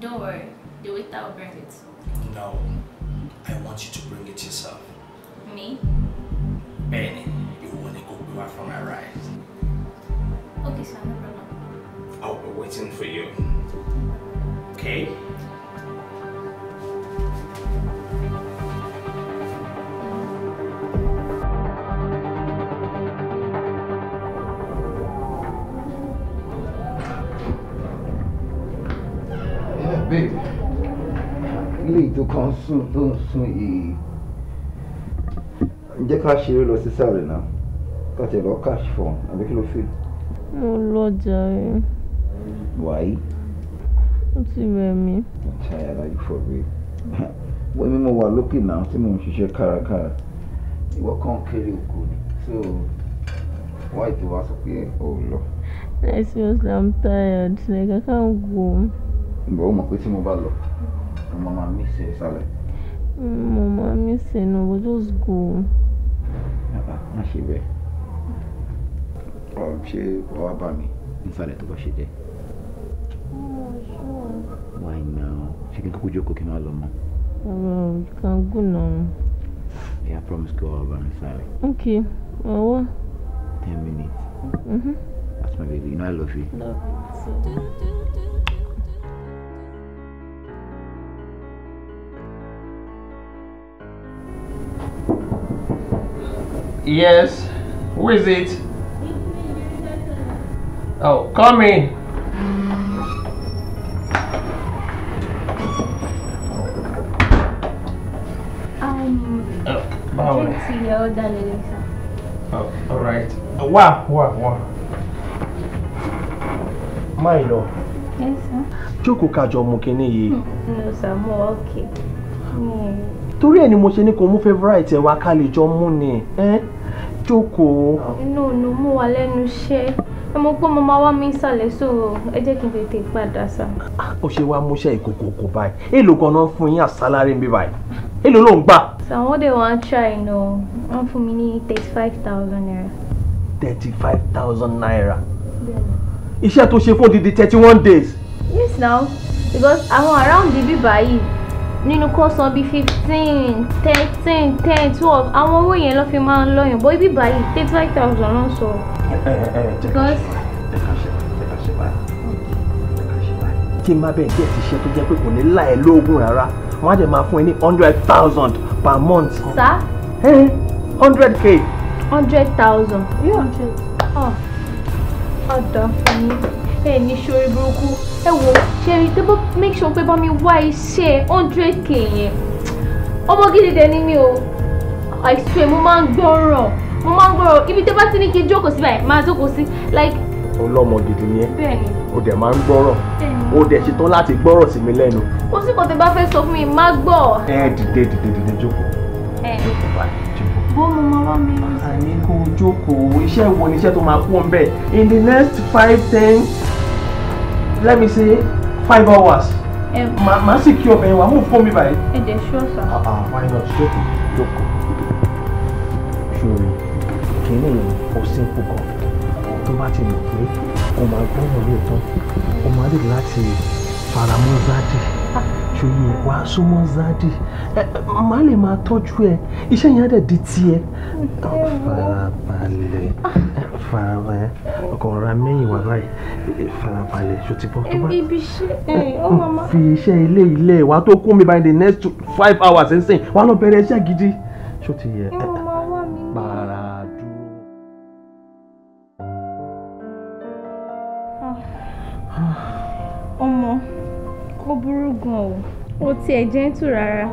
Don't worry, the waiter will bring it. No, I want you to bring it yourself. Me? Benny, you want to go back for my ride? Okay, sir, no problem. I'll be waiting for you. Okay? ilé ìtò kan sùn tó ń sùn yìí jẹ́ ká ṣeré lọ sí sáré náà káti ẹ̀rọ cash fún àbí kí ló fi. mo lọ jàre. wàyí. ó ti rẹ̀ mí. ṣe àyàrá yìí fọ rèé wọ́n mi mo wà lókè náà tí mò ń ṣiṣẹ́ kárakára ìwọ kan kéré òkú ni so why do wa sọ pé ó lọ. I seriously I'm tired like I can't go ìgbà ó mọ̀ pé tí mo bá lọ mo máa mí sí ẹ sálẹ̀. Mm, mo máa mí sí ẹ náà we just go. má ṣe bẹ́ẹ̀ ṣé wàá bá mi nísàlẹ̀ tó bá ṣe jẹ́. why now ṣé kí n kúkú jókòó kí n máa lọ mọ́. ọ̀rọ̀ kan gùn náà. yeah I promise go wàá bá mi sáré. okay ọwọ́. Well, ten minutes. Mm-hmm. that's my baby you know I love you. love Yes. Who is it? Oh, come in. Um. Oh, báwo ni. Oh, all right. Wá wá wá. Má Yes, sir. Jókòó kajo mu kinní yìí. Hmm, no, sir, mo okay. Hmm. ẹ̀ ni mo ṣe ní kó mú favourite ẹ̀ wá ká lè jọ ni. Eh? jókòó. inú ònú mú wa lẹ́nu iṣẹ́ ẹ mọ pé mo máa wá mi sàlẹ̀ sòrò ẹ jẹ́ kí n tètè padà sà. ó ṣe wá múṣẹ́ ìkòkò kò báyìí èèlò ganan fún yín àsálárì mi báyìí èèlò ló ń gbà. sàwọn dè wọn try nù wọn fún mi ní thirty five thousand naira. thirty five thousand naira. iṣẹ́ tó ṣe fún odidi thirty one days. yes now because àwọn around ibi báyìí nínú kó san bíi fifteen thirteen ten twelve àwọn owó yẹn ló fi máa ń lọ́yàn bó ibi báyìí thirty five thousand ló ń sọ. tí eh, eh, eh, má bẹ́ẹ̀ díẹ̀ ti ṣe tó jẹ́ pé kò ní láì lóògùn rárá wọ́n á jẹ́ máa fún ẹ ní hundred thousand per month. sá. hundred k. hundred thousand. Ah, ọ̀dọ̀ fún mi ẹ̀ ní sórí burúkú ẹ wo ṣeré tó bá make sure pé bá mi wá iṣẹ́ hundred k yẹn ọmọ gidi dẹ ni mi o i swear mo máa ń gbọ́rọ̀ mo máa ń gbọ́rọ̀ ibi tó bá ti ní kí n jókòó sí báyìí máa jókòó sí like. ọlọ́mọ gidi ni ẹ o dẹ̀ máa ń gbọ́rọ̀ o dẹ̀ ṣetán láti gbọ́rọ̀ sí mi lẹ́nu. ó sì kò tẹ bá fẹ́ sọ fún mi má gbọ́. ẹ dìde dìde dìde jókòó. ẹ jókòó wá bó mo máa wá mi. àní kò jókòó iṣẹ́ wo ni iṣẹ́ tó máa kú ọ́n bẹ́ẹ̀ in the next five ten let me say five hours màá my kí ọbẹ̀ yẹn wà mú fún mi báyìí. ẹ jẹ́ sure sir. ah ah why not jókòó jókòó ṣòro kìíní yẹn ó simple gan tó bá ti mọ̀ pé o máa gbọ́dọ̀ lóòótọ́ o máa lè láti faramọ́ gbádìí ṣòye ìwà súnmọ́ Zadi má lè máa tọ́jú ẹ iṣẹ́ yẹn á dẹ̀ di tiẹ̀. farabalẹ̀ farabalẹ̀ ọkàn ra mẹ́yìn wá báyìí farabalẹ̀ ṣòtìbọ̀ tó bá. ibi iṣẹ́ ọ mama. fi iṣẹ́ ilé ilé wa tó kún mi by the next five hours nsìn wa lọ bẹ̀rẹ̀ iṣẹ́ gidi ṣòtìyẹ. burú gan o ó tiẹ̀ gentle rárá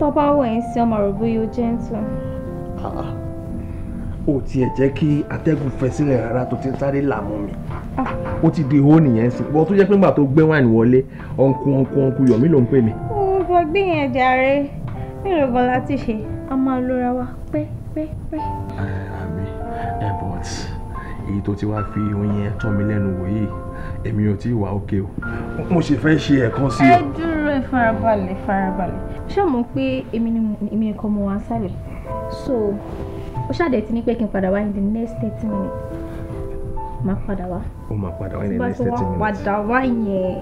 tó bá wọ̀ ẹ́ sí ọmọ rò bóyá gentle. Ah, ó tiẹ̀ jẹ́ kí atẹ́gùn fẹ́ sílẹ̀ rárá tó ti ń sáré làmú mi ah. ó ti di ihò nìyẹn sí bọ́ tó jẹ́ pé nígbà tó gbé wáìnì wọlé ọ̀nkú ọ̀nkú ọ̀nkú yọ̀mí ló ń pè mí. ó ń fọ gbìyànjú jàre nílùú gan láti ṣe a máa lóra wa pẹ́pẹ́pẹ́. Ah, èyí tó ti wá fi oyin ẹ tọ́ mi lẹ́nu wò yìí èmi ò tí ì wá òkè o mo ṣe fẹ́ ṣe ẹ̀kan sí o. ẹ dúró farabalẹ̀ farabalẹ̀ ṣé mo pé èmi ni èmi nìkan mo wá sálẹ̀ so ó ṣàdẹ̀ ti ní pé kí n padà wá in the next thirty minutes máa padà wá. ó máa padà wá in the next thirty minutes. padà wá yẹn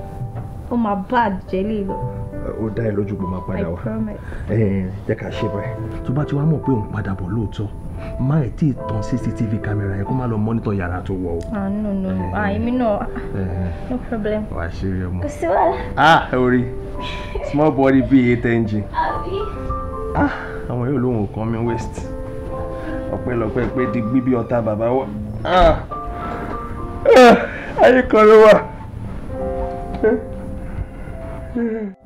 ó máa bá àjẹlé lọ ó dá ẹ lójú pé máa padà wá jẹ́ ká ṣe báyìí tó bá ti wá mọ̀ pé òun padà bọ̀ lóòótọ́ má ẹ̀ tí ì tan cctv camera yẹn kó má lọ mọ́nítọ̀ yàrá tó wọ̀ o. ah no no eh, ah èmi náà eh. no problem. wà á ṣe rí ọmọ. kò sí wàhálà. ah orí small body bí eight engine. ah àwọn yóò lóun ò kàn mí waste ọpẹ́lọpẹ́ pé di gbígbí ọ̀tá bàbá wọ. Ah, ah, ayé kan ló wà. Yeah. Eh.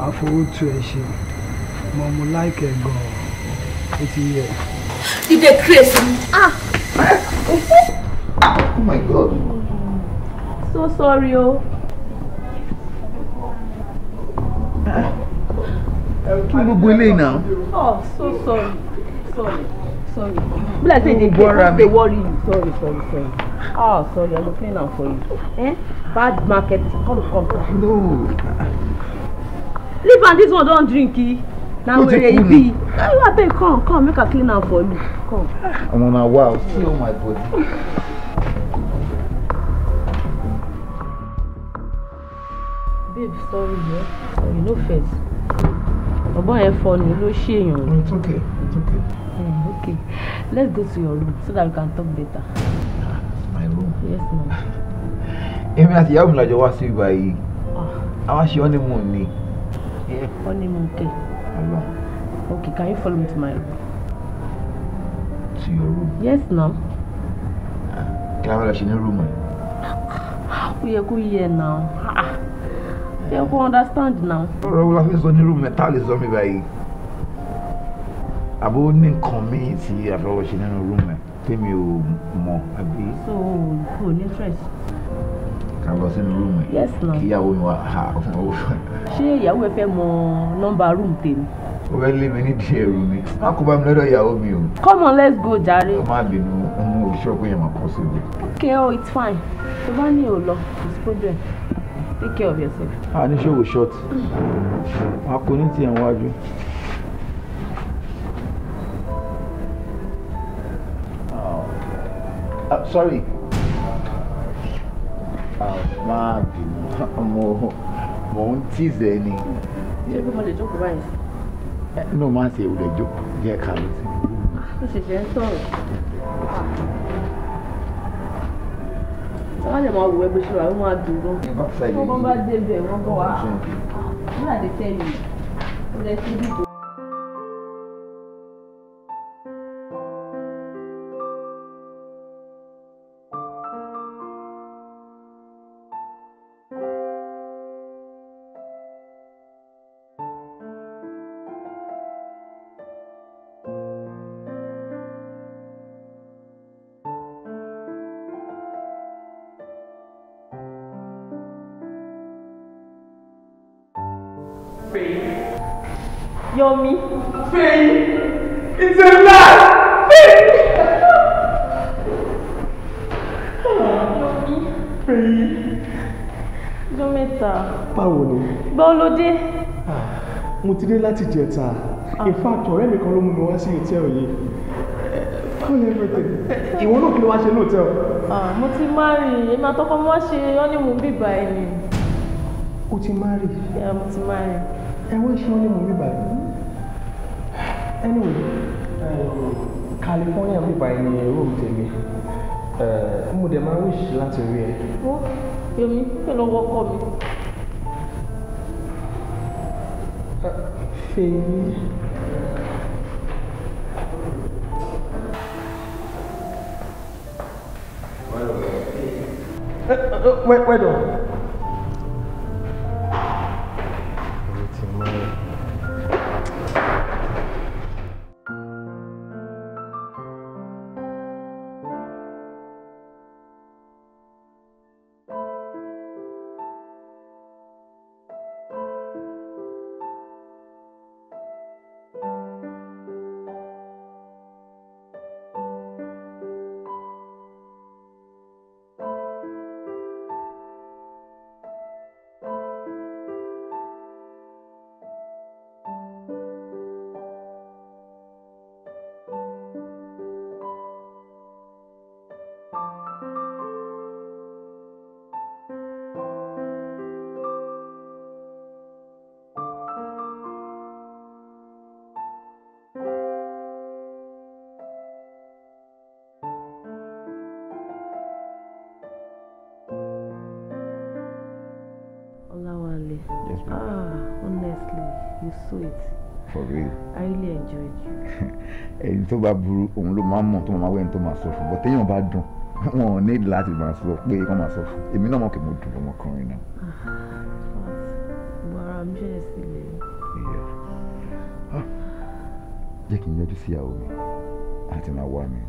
máa fowó tu ẹ ṣe mo mo láìkẹ gan ó ti yẹ. dídé ah oh my god. so sorry o. kí gbogbo eléyìí náà. oh so sorry sorry sorry. Bila say dey worry you. Sorry, sorry, sorry. Ah, oh, sorry, I go clean am for you. Eh? Bad market, come come. No leave and this one don't drink e na were e be na you abeg come come make a clean up for me. come. I'm on a wow see all my body. babe sorry yeah. you know, face. I'm first ọgbọ́n yẹn fọnù ló ṣe èèyàn. it's okay it's okay. Mm, okay let's go to your room so that we can talk better. my room. yes ma'am. èmi àti ìyàwó mi làjọ wá sí ibà yìí àwa ah. ṣe honeymoon ni. Yeah. Honeymoon cake. Allah. Okay, can you follow me to my room? To your room? Yes, now. Can I have a room? We are good here now. You can understand now. Ọ̀rọ̀ wo la fi sọ ní room mẹ́ta lè sọ mi báyìí? Àbó ní nǹkan mi ti àfọwọ́ṣe nínú room Tell me more, mọ̀ So, kò ní stress a lọ sínú rúùmù yìí kíyàwó mi wá ha ọ̀fun owó fún mi. ṣé ìyàwó ẹ fẹ́ mọ nọ́mbà rúùmù tèmi. ó fẹ́ lé mi ní díẹ̀ mi má kó bá mi lọ́dọ̀ ìyàwó mi o. come on let's go jàre. ó má bínú ọmọ òṣìṣẹ́ ọkùnrin yẹn máa pọ̀ sí i. okay oh it's fine tó bá ní òòlọ it's problem take care of yourself. a ní ṣòwò short a kò ní tiẹ̀ wájú. Ah, ah, sorry má bínú mo mo ń tíìzẹ ni. ṣé bí mo lè jókòó báyìí. Eh, ní o máa ń ṣe ìwúlẹ̀ jókòó jẹ́ ká ló sí. ó ṣẹ̀ṣẹ̀ ń sọ̀rọ̀. wọ́n lè máa wù ẹgbẹ́ ṣe wà Yomi. Faye, it's a lie! Yomi, Faye. Jọ́mẹ́ta. Báwo ni? Báwo ló dé? Mo ti dé láti jẹta. Ah. In fact, ọ̀rẹ́ mi kan ló mú mi wá sí hòtẹ́ẹ̀lì yìí. Báwo eh, ni everything? Eh, ìwọ náà kí ló wá ṣe ní hòtẹ́ẹ̀lì? Mo ti máa rìn, èmi àtọ́kọ́ mo wá ṣe honeymoon bíbá ẹ̀ ni. O ti máa rìn? Mo ti máa rìn. Ẹ wá ṣe honeymoon bíbá ẹ̀ anyway eh, California bíbá ẹ ní rome tèmi eh, mo dẹ̀ máa wish láti rí ẹ. wọ́n èmi kí ló wọ́kọ̀ mi. Ah, Fèyí. Eh, wait, wait, wait. sweet. for real. I really enjoyed you. ẹni tó bá burú òun ló máa ń mọ̀ tó máa wẹ́ni tó máa sọ fún but téèyàn bá dùn wọn ò ní láti máa sọ pé kán máa sọ fún èmi náà mọ̀ kí mo dùn lọ́mọkùnrin náà. gbọ́ra mi ṣẹ̀ṣẹ̀ sílẹ̀. jẹ́ kí n yọjú sí ìyàwó mi àti máa wá mi.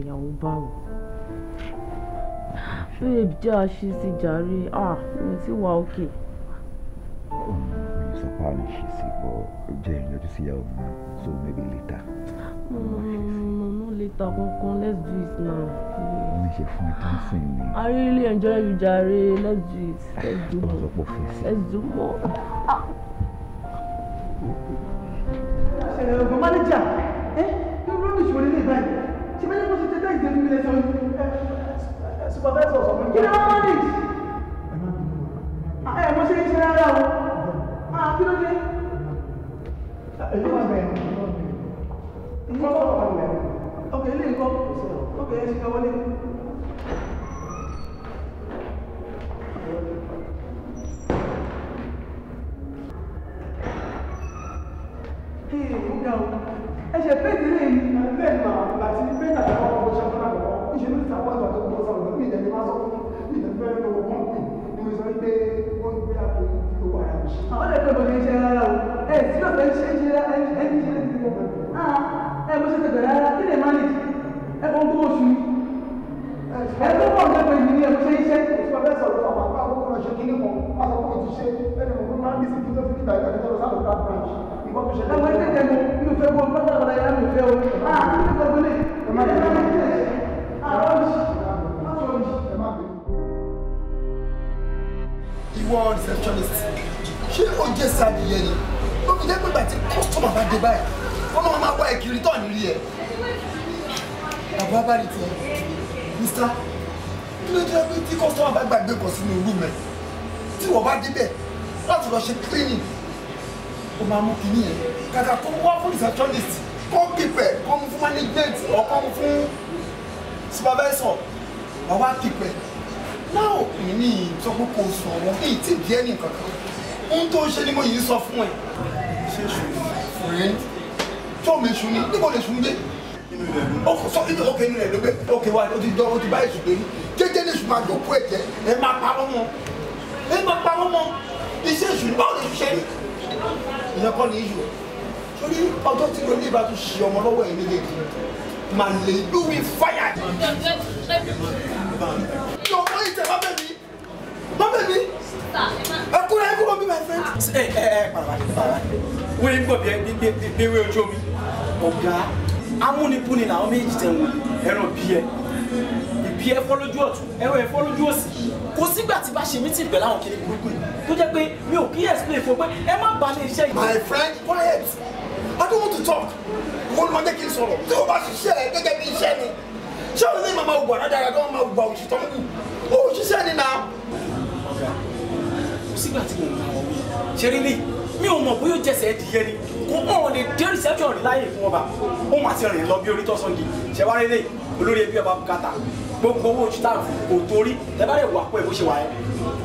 ìyàwó báwo babe jẹ́ àṣìṣe jàre ah mi ti wà òkè. Okay wà ní ṣe sí bọ́ jẹ́ ìyọjú so maybe later. mo mm, no later kankan let's do it now. mo ní ṣe fún ẹjọ́ sìn ni. I really enjoy you jare let's do it let's do more let's do more. kí ló dé èyí wà bẹ́ẹ̀ ìyẹn kọ́ ọ̀pọ̀ ìyẹn ok ilé ìkọ́ ok ẹ ṣe ká ẹgbẹ́ pọ̀ lẹ́gbẹ̀ẹ́ yìí ni ẹ̀ṣẹ́ iṣẹ́ ìfọ̀lẹ́sọ̀ lọ àwọn àpá àwọn ọmọ ṣe kíní kan wọ́n sọ fún ọtúnṣe ẹni mọ̀ máa ń bí síbi tó fi kíta ìgbà tó sáà lọ́ta branch ìwọ́n tó ṣe lọ́wọ́ ẹgbẹ́ tẹ̀lé inú fẹ́ wọn lọ́wọ́ ọ̀rọ̀ ẹ̀yà mi fẹ́ o ah nígbà gbọ́lé ẹ̀ma ti ṣe ìwọ receptionist ṣé ó jẹ́ sáàbì yẹn ni ó fi jẹ́ pé gbà tí kọ́sítọ́mà bá dé báyìí wọ́n máa wá ẹ̀kiri tọ́ nírí ẹ̀ àbúrò abárí tiẹ̀ mr ló dé pé tí kọ́sọ́mà bá gbàgbé kan sínú irú mẹ́ tí wọ́n bá débẹ̀ láti lọ ṣe training ó máa mú kínní yẹn kàkà kó wá fún receptionist kó kìpẹ̀ kó mú fún management or kó fún supervisor wà wá kìpẹ̀ náà mi ní sọ pé kò sùn ọ̀wọ́n mi ti di ẹnì kankan ohun tó ń ṣe ni mo yìí sọ fún ẹ ṣe sùn rẹ tó mi sùn ni níbo lè sùn gbé ó sọ ìdọ̀lọ́kẹ́ inú ló gbé ó kè ó ti dán ó ti bá ìṣùgbé ní máa jòkó ẹ̀jẹ̀ ẹ máa parọ́ mọ́ ẹ máa parọ́ mọ́ iṣẹ́ ìṣúná báwo lè ṣiṣẹ́ rí ìyẹn kọ́ ni yìí o torí ọjọ́ tí lóní ìbá tún ṣe ọmọ lọ́wọ́ ẹ̀ méjèèjì màá lè lù mí fáyà. ìyọ̀wọ́ ìjẹ̀bá bẹ̀mí bẹ̀mí ẹ kúrẹ́ ẹ kúrọ́ bí my friend. ẹ ẹ ẹ pàrọ̀ pàrọ̀ wọ́n ń gbọ̀ bí ẹ bí ewé ojú omi ọ̀gá amúnipúni làwọn méjì tẹ̀ wọ́n ẹran bí ẹ bí ẹ fọ́ lójú ọ̀tún ẹ̀rọ ẹ fọ́ lójú òsì kò sígbà tí bá ṣe mítì pẹ̀lú àwọn kiri burúkú yìí tó jẹ́ pé mi ò kí explain fún pé ẹ má ba lè ṣe. my friend quiet i don't want to talk mo lọ jẹ́ kí n sọ̀rọ̀ tí o bá ṣiṣẹ́ ẹ gẹ́gẹ́ bí iṣẹ́ ni ṣé o ní màmá ògbà dáadáa tó máa gbà òṣì tó ń kù o ṣiṣẹ́ ni na. kò sígbà tí mo ń bá wọn wí ṣe rí ni mi ò mọ̀ bóyá jẹsẹ̀ ẹ dìyẹ ni kò ọ̀rọ̀ lè dé reception rí láyè fún ọba ó mà ti rìn lọ bí orí tọ́sán di ṣẹ̀wá rẹ̀ lé olórí ẹbí ọba bùkátà gbogbo owó oṣù táà fún kò torí ẹ bá lè wà pé bó ṣe wà ẹ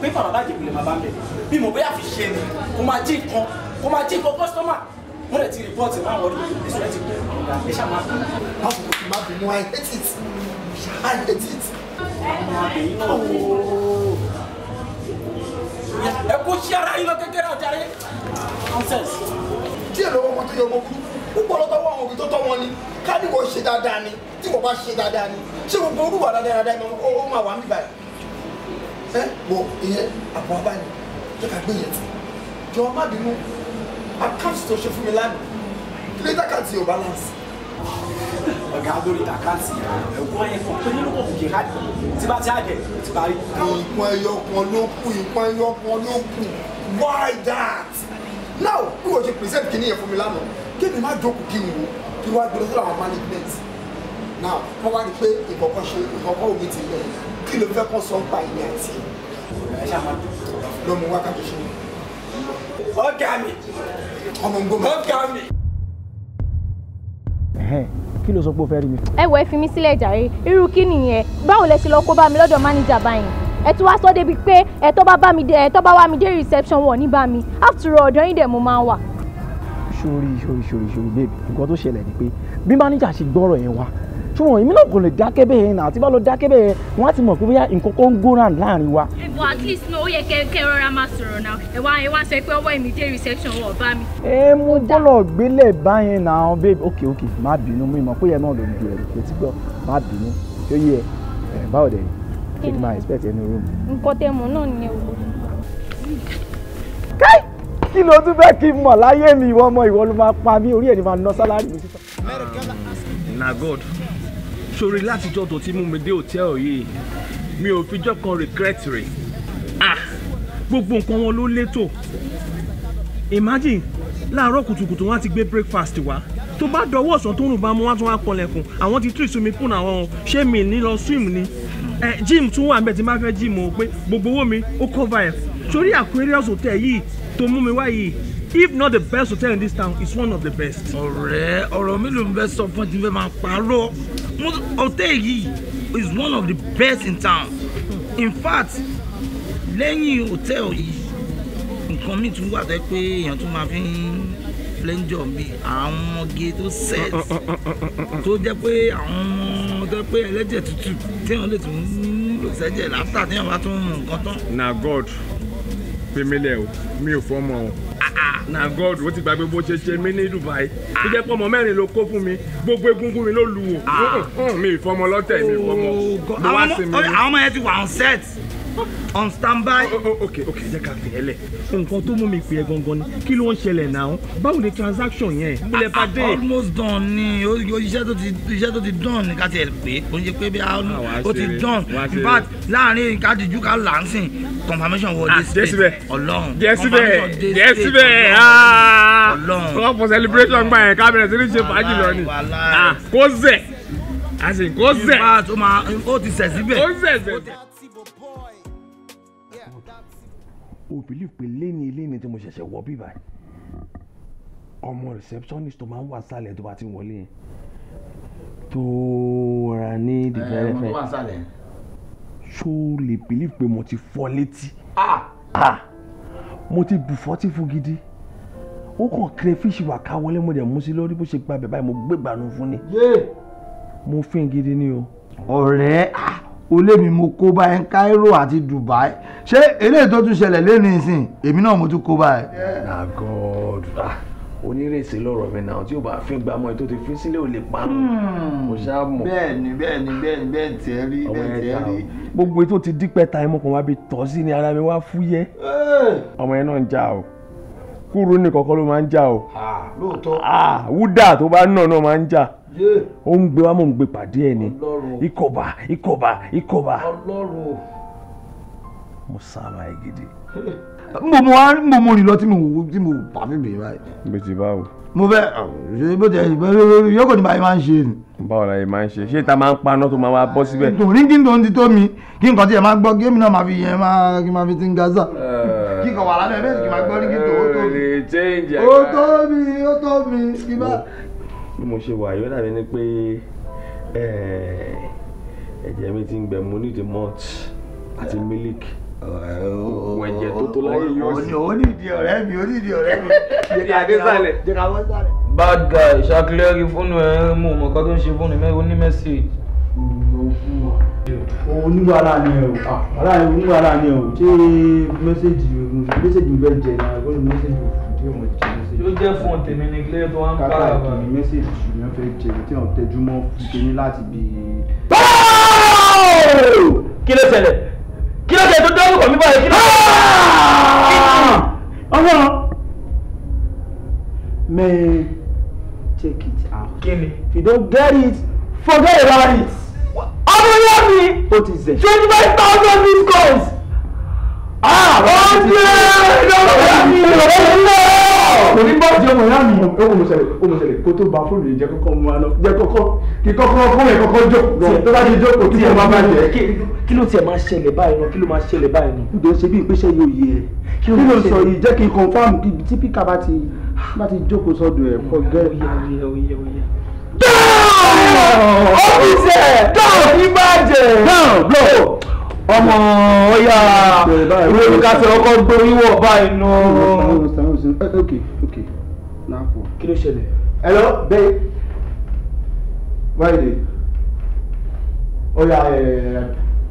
pépà bàbá ìjẹ̀bù lè má bá ń bẹ̀ bí mo bóyá fi ṣe ni kò máa jí nǹkan kò máa jí nǹkan kọ́sítọ́mà wọ́n lè ti rìpọ́ọ̀tì máa wọ́n rí ìṣúná ti kú ọ̀gá ẹ ṣáà máa bínú. má bínú má bínú I hate it I hate it. ọmọ àbẹ̀yìn náà wò ó. ẹ kó sí ara yín lọ kékeré ọjà rẹ. nonsense. díẹ̀ lọ́wọ́ wọn tó yọ ọmọ kúrú púpọ̀ lọ́tọ́wọ́ àwọn òbí tó tọ́ wọn ni ká ní wọ́n ṣe dáadáa ni tí wọ́n bá ṣe dáadáa ni ṣé gbogbo olúwa dáadáa dáadáa ó máa wà nígbà yìí ẹ wo ìyẹn àpò abáyé jẹ́ ká gbé yẹn tì jọ má bínú àkáǹtì tó ṣe fún mi lánàá kí ló dákà tí balance. ọ̀gá lórí àkáǹtì ẹ̀wọ̀n ẹ̀fọ́ tó nínú kò kìí tí bá ti àjẹ ti parí. ìpọn ẹyọ kan ló kù ìpọn ẹyọ kan ló kù why that now bí wọ́n ṣe present kìnìyẹn fún mi lánàá kéèmì má jókòó kí n wò kí wá gbé lọ sọ́dọ̀ àwọn management now wọ́n wá rí i pé ìkọ̀kọ̀ ṣe ìkọ̀kọ̀ òbí ti lẹ̀ kí ló fẹ́ kọ́ sọ ń pa ìní àti lọ́mú wákàtí ṣe. ọ̀gá mi ọmọ ngbọ́n mi ọ̀gá mi. kí ló sọ pé o fẹ́ rí mi. ẹ wọ ẹ fi mí sílẹ̀ jàre irú kí nìyẹn báwo lẹ ṣe lọ kó bá mi lọ́dọ̀ máníjà báyìí ẹ tún wá sọ débi pé ẹ tó bá wá mi dé reception wọn ní bá mi after all ọ̀dọ̀ yín dẹ̀ mo máa wà sori sori sori sori babe nǹkan tó ṣẹlẹ̀ ni pé bí manager ṣe gbọ́rọ̀ yẹn wá ṣùgbọ́n èmi náà kò lè dákẹ́ bẹ́ẹ̀ náà àti bá lọ dákẹ́ bẹ́ẹ̀ wọ́n á ti mọ̀ pé bóyá nǹkan kan ń go láàrin wa. ẹ bọ at least náà ó yẹ kẹ rọra máa sọ̀rọ̀ náà ẹ wá ẹ wá sọ pé ọwọ́ èmi dé reception wọ̀ bá mi. ẹ mú bọ́lọ̀ gbélé báyẹn náà babe ok ok má bínú mi mọ̀ pé ẹ náà ló ń ju ẹ̀rù pé tí gbọ́ má bínú ṣé yí ẹ ẹ báwo dẹ̀ ṣé kí máa expect ẹ room. nǹkan tẹ kí ló tún fẹ́ kí n mọ̀ láyé mi ìwọ ọmọ ìwọ ló máa pa mí orí ẹ̀ ni máa ná sálárì mi síta. na god sori látijọ́ tó ti mú mi dé hòtẹ́ẹ̀lì yìí mi ò fijọ́ kan regret rẹ̀ ah gbogbo nǹkan wọn ló létò imagine láàárọ̀ kùtùkùtù wọn ti gbé breakfast wá tó bá dọwọ́ ọ̀sán tó ń rùn bá mu wọn tún wá pọnlẹ̀kùn àwọn ti tún ìsúnmi kùn àwọn ṣé mi ní lọ swim ni ẹ eh, gym tún wà ń bẹ̀ tí n bá fẹ́ gym o pé gbogbo owó mi ó cover ẹ̀ sórí aquarius hotel yìí tó mú mi if not the best hotel in this town it's one of the best. ọ̀rẹ́ ọ̀rọ̀ mi ló ń bẹ sọ fún ti fẹ́ máa parọ́ hotel yìí is one of the best in town in fact lẹ́yìn hotel yìí nǹkan mi tún wà tẹ́ pé èèyàn tún máa fi ń flẹ́ńjọ̀ mi àwọn ọmọge tó set uh, uh, uh, tó jẹ́ pé àwọn ọmọ tó pé ẹlẹ́jẹ̀ tútù téèyàn lè tún lò sẹ́jẹ̀ látà téèyàn bá tún mú nǹkan tán. na god fi mí lẹ̀ o mi ò fọmọ o ah, ah, na god o ti gbàgbé bó ṣe ṣe mí ní dubai tó ah. jẹ́ pé ọmọ mẹ́rin ló kó fún mi gbogbo egungun mi ló lu wò mm, mm, mm, mi ìfọmọ lọ́tẹ̀ mi ìfọmọ mo oh, wá sí mi. àwọn ọmọ yẹn ti wà on set on standby. Oh, oh, ok ok jẹ́ ká fi ẹlẹ̀. nǹkan tó mú mi pè é gangan ni kí ló ń ṣẹlẹ̀ náà báwo ni transaction yẹn múlẹ̀ bá ah, ah, dé. almost done ni iṣẹ́ tó ti iṣẹ́ tó ti done ni ká tiẹ̀ pé kò ń ṣe pé bí ah, ó ti done in fact láàrin ká dijú ká là ń sìn confirmation wọlé síbẹ̀ ọlọ́run confirmation dé síbẹ̀ ọlọ́run. wọ́n fọ celebration gba ẹ̀ ká bẹ̀rẹ̀ sí ní ṣe fàájì lọ ni kó zẹ̀ àsìkò zẹ̀. ó ti sẹ̀ síbẹ̀. ó zẹ̀ zẹ̀. o believe pé léni léni tí mo ṣẹ̀ṣẹ̀ wọ bí báyìí ọmọ receptionist tó máa ń wà sálẹ̀ tó bá ti wọlé yẹn tó ra ní development eh, ṣó lè believe pé mo ti fọ́ létí mo ti bùfọ́ tí fún gidi ó kàn crayfish wà ká wọlé mo dẹ̀ mú sí lórí bó ṣe gba bẹ̀ báyìí mo gbégbàánu fún ni mo fín gidi ni o. ọ̀rẹ́ ah olémi mo kó bá ẹ Cairo àti Dubai ṣé eléyìí tó tún ṣẹlẹ̀ lẹ́nu ìsìn èmi náà mo tún kó ẹ. na god ah, onírèsè lọ̀rọ̀ mi náà tí o bá fi ń gbàmọ́ ẹ tó ti fi sílẹ̀ ò lè pa hmm. mo ṣáà mọ̀. bẹ́ẹ̀ni bẹ́ẹ̀ni bẹ́ẹ̀ni bẹ́ẹ̀ tiẹ̀ rí bẹ́ẹ̀ tiẹ̀ rí. gbogbo ètò ti dípẹ́ ta ẹ mọ̀kàn wá tọ́ sí ni ara mi wá fúyẹ́ ọmọ yẹn náà ń jà o kúrú ní kọ̀ọ̀kan ló máa ń jà o. Ah, lóòótọ́. Ah, wúdà tó bá nà náà máa ń jà ó ń gbé wa mò ń gbé pàdé ẹ ni ikọba ikọba ikọba mo sábà ẹ gidi. mo mo mo mo rìn lọ tí mo tí mo bà mí bèèrè báyìí. bó báwo. mo fẹ́ ṣe bó ti yọkọ̀ ní báyìí máa ń ṣe ni. báwo la yìí máa ń ṣe ṣé ta máa ń paná tó máa wá bọ́ síbẹ̀. nítorí kí n tó ń ti tó mi kí nǹkan tí ẹ máa gbọ́ géèmì náà máa fi yẹn máa kí n máa fi ti ń gaza. Eh. kí nǹkan wà lábẹ́ bẹ́ẹ̀ kí n máa gbọ́ ní kí n tó ó tó mi. ó tó mi ó tó mi kí n bá bí mo ṣe wà yóò dàbí ni pé eh, ẹ̀jẹ̀ mi ti ń gbẹ mo need malt àti milk wẹ̀jẹ̀ tó tó láyé yóò sí. ó ní ìdí ọ̀rẹ́ mi ó ní ìdí ọ̀rẹ́ mi. jẹ́ ká sálẹ̀ bad guy ṣàkílẹ́rì fóònù ẹ̀ mú mọ̀ kan tó ń ṣe fóònù mẹ́rin ó ní mẹ́sì. oníwàrà ni ẹ o wàrà ni oníwàrà ni ẹ o ṣé mẹ́sẹ̀gì mi fẹ́ jẹ náà ó ní mẹ́sẹ̀gì mi fẹ́ jẹ ó jẹ́ fún tèmi ní kílẹ̀ tó wá ń kára bá. kàkà ìkíni mẹ́sẹ̀jì ṣùgbọ́n fẹ́ jẹ̀bi tí wọ́n tẹjú mọ́ kíni láti bí. kí ló ṣẹlẹ̀ kí ló ṣẹlẹ̀ tó dé ọkọ̀ mi báyìí kí ló ṣẹlẹ̀. ọ̀hún may take it out. kí ni. if you don't get it forget about it. ọmọ yẹn mi. ó ti zẹ̀. twenty five thousand discounts. ah ọ̀hún ti rẹ̀ ẹ̀ lọ́wọ́ mi kò ní bá ti ọmọ ìyá mi ọmọọṣẹlẹ ọmọọṣẹlẹ kó tó ba fóònù yìí jẹ kọ́kọ́ mu aná jẹ kọ́kọ́ kí kọ́kọ́ fóònù yẹn kọ́kọ́ jò tó bá ti jò kò tí ẹ máa bá jẹ. kí ló tiẹ̀ máa ṣẹlẹ̀ báyìí náà kí ló máa ṣẹlẹ̀ báyìí náà. ǹjẹ́ o ṣe bí ìpèsè yóò yé kí ló sọ yìí jẹ́ kí n confam tí píkà bá ti bá ti jókòó sọ́dọ̀ ẹ̀ kọ́ gẹ́. ọ́fíìsì ẹ̀ dáhùn ní bàjẹ́. dáhùn blow ọmọ ọ̀yà ìwé olùkàṣẹ́ ọkọ̀ gbóríwọ̀ báyìí náà no ok ok náà fọ. kí ló ṣẹlẹ̀. hello babe where you dey oya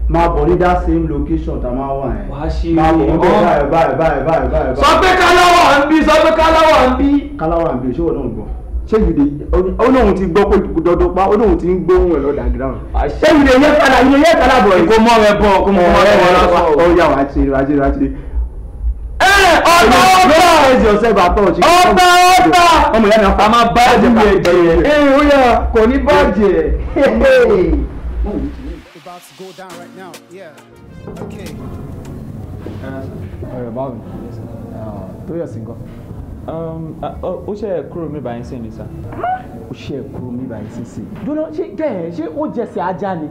máa bọ̀ ní that same location tá a máa wà yẹn. wàá ṣe é máa bọ̀ níbẹ̀ báyìí báyìí báyìí báyìí báyìí. sọ pé káláwà ń bí sọ pé káláwà ń bí. káláwà ń bí ṣé wọn náà gbọ́ ṣé yìí lè olóhùn ti gbọ́ pé dọ́dọ́ pa olóhùn ti ń gbóhùn ẹ̀ lọ́dà ground. ṣé yìí lè yẹ kálá yìí lè yẹ kálá bọ̀ yìí. kò mọ̀ rẹ bọ̀ kò mọ̀ rẹ bọ̀ lọ́sọ̀ọ́. ó yà wá ṣe wá ṣe wá ṣe ọ̀tá ọ̀tá ọ̀tá ọ̀tá ọmọ ìyá mi ọ̀tá máa bá ẹ̀jẹ̀ bá ẹ̀jẹ̀ ẹ̀ ó yà kò ní bàjẹ́. About to go down right now. Yeah. Okay. Ọ̀rẹ́ Báwìn, tó yẹ̀ sí nǹkan. Ó ṣe é kúrò mí báyìí sí ni sá. Ó ṣe é kúrò mí báyìí sí sí. Dúró ṣé gẹ̀ẹ́ ṣé ó jẹsẹ̀ ajá ni?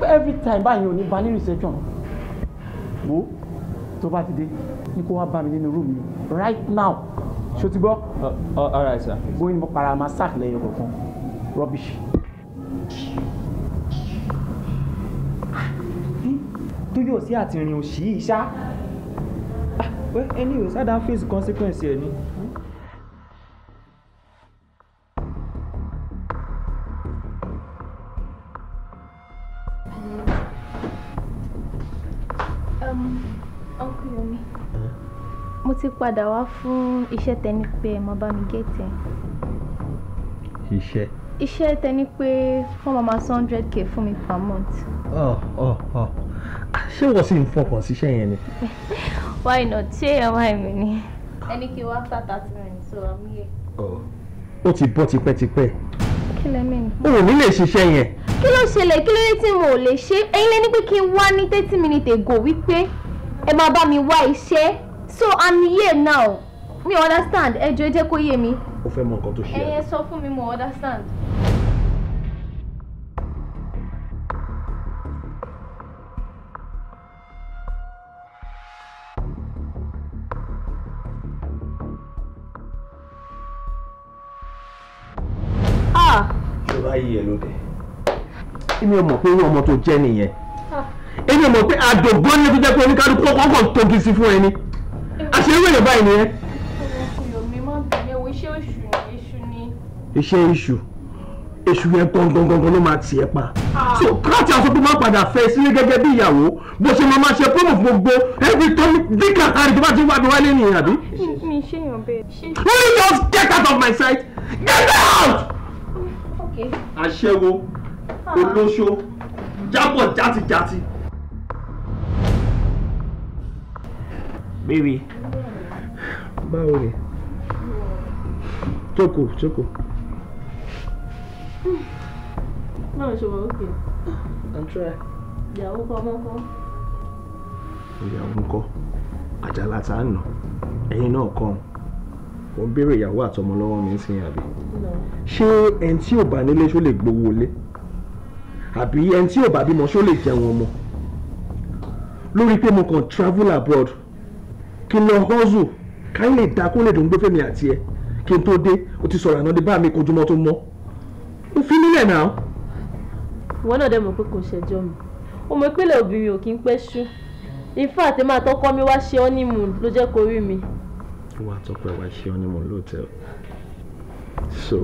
Pé every time báyìí ò ní ba ní reception. Wo tó bá ti dé ní kó wá bá mi nínú rúùmù right now ṣó ti gbọ́. Uh, uh, all right sir. bóyá ni mo para ma sack lẹ́yìn kọ̀ọ̀kan rubbish. tó yóò sí àtìrìn òsì yìí ṣá ẹni ò sádà face consequence ẹ ni. Um mo ti padà wá fún iṣẹ́ tẹni pé ẹ mọ bá mi géètì ẹ. iṣẹ́. iṣẹ́ tẹni pé wọ́n máa máa san hundred k fún mi per month. ọ ọ ọ ṣé wọ́n sì ń fọkàn síṣẹ́ yẹn ni. why not ṣé ẹ wá èmi ni. ẹni kí wá fà thirty minutes so i'm here. Oh, ó ti bọ́ tipẹ́tipẹ́ kí lẹ mẹ́ni. o ò ní lè ṣiṣẹ́ yẹn. kí ló ṣẹlẹ̀ kí ló dé tí mo ò lè ṣe é ẹ̀yin lẹ́ni pé kí n wá ní thirty minutes ago wípé ẹ máa bá mi wá iṣẹ́ so i'm here now mi understand ẹ jọ̀ọ́ ẹ jẹ́ kó yé mi. ó fẹ́ mọ nǹkan tó ṣe ẹ. ẹyẹ sọ fún mi mo understand. Ah! ṣọlá yìí ẹ ló dé. èmi ò mọ̀ pé irú ọmọ tó jẹ́ nìyẹn ah. èmi ò mọ̀ pé àdògbó ni tó jẹ́ pé oníkálukú kọ́kọ́ tó kí sí fún ẹni ṣe báyìí nìyẹn. iṣẹ́ iṣu èṣù yẹn gangan ló máa tiẹ̀ pa. so láti aṣọ tó máa padà fẹ́ sílé gẹ́gẹ́ bí ìyàwó bó ṣe máa máa ṣe promo fún gbogbo ẹbí tó ní díkà kárí tó bá ti wá mi wálé nìyẹn àbí. mi ṣe yàn bẹ́ẹ̀. you just get out of my sight get out. aṣẹ́wó olóṣó jábọ̀ játijàti. baby báwo rẹ̀ jókòó jókòó. báwo ṣe wà ókè. i'm trying. ìyàwó kọ́ ọmọ kọ́. ìyàwó ń kọ́ àjàlá tá a nà ẹ̀yin náà kọ́ ọ́n ò ń béèrè ìyàwó àtọmọ lọ́wọ́ mi ń sìn àbí. ṣé ẹni tí ò bá nílé ṣó lè gbowó lé àbí ẹni tí ò bá bímọ ṣó lè jẹun ọmọ lórí pé mo kàn travel abroad kí n lọ hustle káyé lè da kó lè dùn gbé fẹ́mi àti ẹ kí n tó dé o ti sọ̀rọ̀ àná dé bá mi kojúmọ́ tó mọ́ o fi nílẹ̀ náà. ìwọ náà dẹ́ mọ̀ pé kò ṣẹjọ́ mi ọmọ ìpínlẹ̀ obìnrin ò kí ń pẹ́ ṣú ifá àti máa tọ́kọ́ mi wá ṣe ọ́ ní mù ló jẹ́ kó rí mi. wà á tọ́kọ́ wá ṣe ọ́ ní mù lóòótọ́ so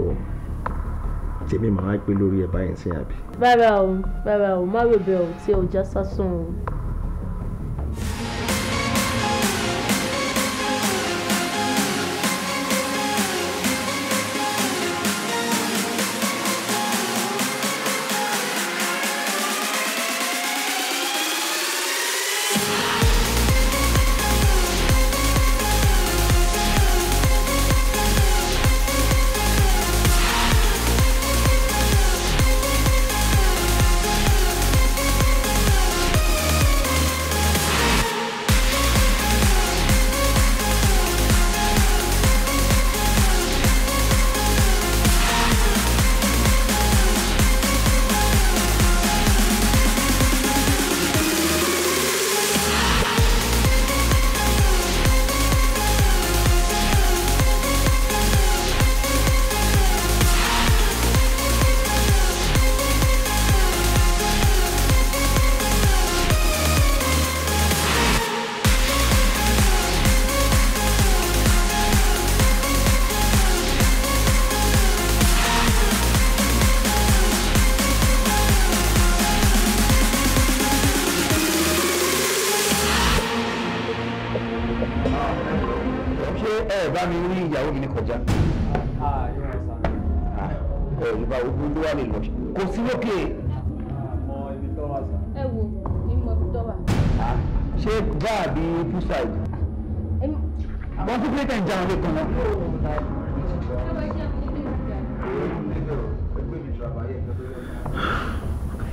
tèmi màá wá pé lórí ẹ báyìí sí àbí. rárá o rárá o má rò bẹ́ẹ̀ o tí ẹ ò já sásán o. ṣé I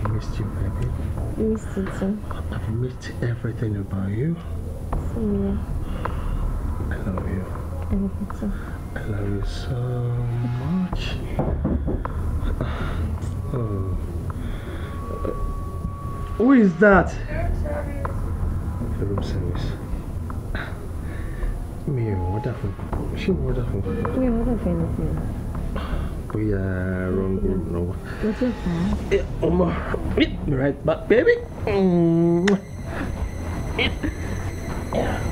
missed you, baby. i missed too. I missed everything about you. Same here. I love you. I love you too. I love you so much. Oh. Who is that? the room service. Mira, what happened? She what happened? what happened with you? We are wrong group now. What's your plan? Yeah, Be right back, baby. Mm. Yeah.